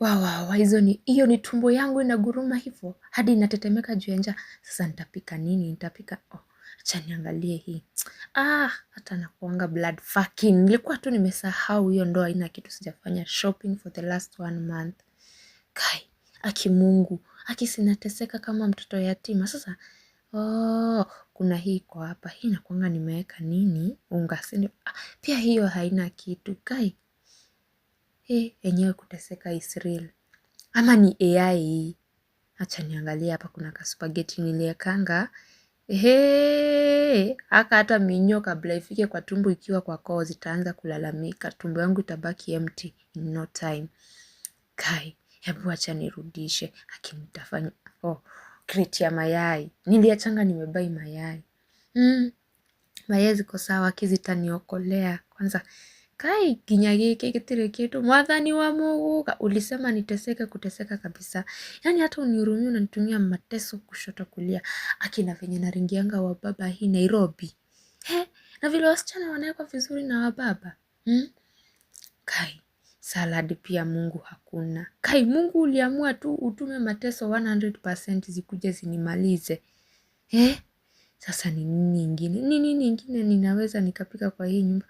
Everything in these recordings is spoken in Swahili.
Wawawa, hizo ni hiyo ni tumbo yangu inaguruma hivyo hadi inatetemeka juu ya njaa. Sasa nitapika nini? Nitapika oh, acha niangalie hii. Ah, hata nakuanga blood fucking, nilikuwa tu nimesahau hiyo. Ndo haina kitu, sijafanya shopping for the last one month. Kai aki Mungu aki, sinateseka kama mtoto yatima. Sasa oh, kuna hii kwa hapa, hii nakuanga nimeweka nini, unga sindi. Ah, pia hiyo haina kitu kai He, eh, enyewe kuteseka Israel Ama ni AI Acha niangalie hapa kuna kaspageti niliekanga. ehe, aka hata minyo kabla ifike kwa tumbo ikiwa kwa koo zitaanza kulalamika. Tumbo yangu itabaki empty in no time. Kai, hebu acha nirudishe. Akinitafanya. Oh, kreti ya mayai. Niliachanga nimebai mayai. mm, mayai ziko sawa, kizitaniokolea Kwanza Kai kinya giki gitire kitu. Mwathani wa Muguga ulisema niteseke kuteseka kabisa. yani hata unihurumie unanitumia mateso kushoto kulia. Akina venye naringianga wa baba hii Nairobi. He, na vile wasichana wanawekwa vizuri na wa baba. Hmm? Kai salad pia Mungu hakuna. Kai Mungu uliamua tu utume mateso 100% zikuje zinimalize. he? Sasa ni nini nyingine? Ni nini nyingine ninaweza nikapika kwa hii nyumba?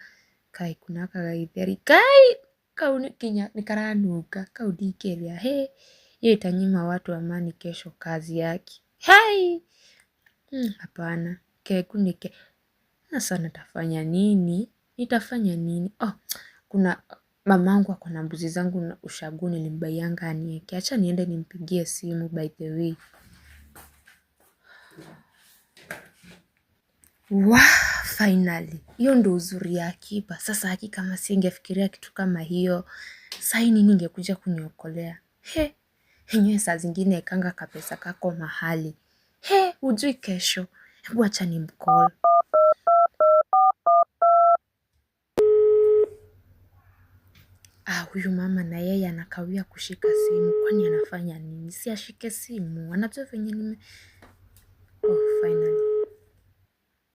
kai kuna gagagitheri kai kau nikinya nikaranuka kau ndikeria he hiyo itanyima watu amani kesho kazi yake hai hmm, hapana hmm, keku nike sasa natafanya nini nitafanya nini oh, kuna mamangu ako na mbuzi zangu na ushagu nilimbaianga anieke acha niende nimpigie simu by the way wow. Finally, hiyo ndo uzuri ya akiba. Sasa haki kama singefikiria kitu kama hiyo, saini ningekuja kuniokolea. He, enyewe saa zingine ekanga kapesa kako mahali. He, hujui kesho. Hebu acha ni mkolo Ah, huyu mama na yeye anakawia kushika simu. Kwani anafanya nini? Si ashike simu, anajua venye nime... Oh, finally.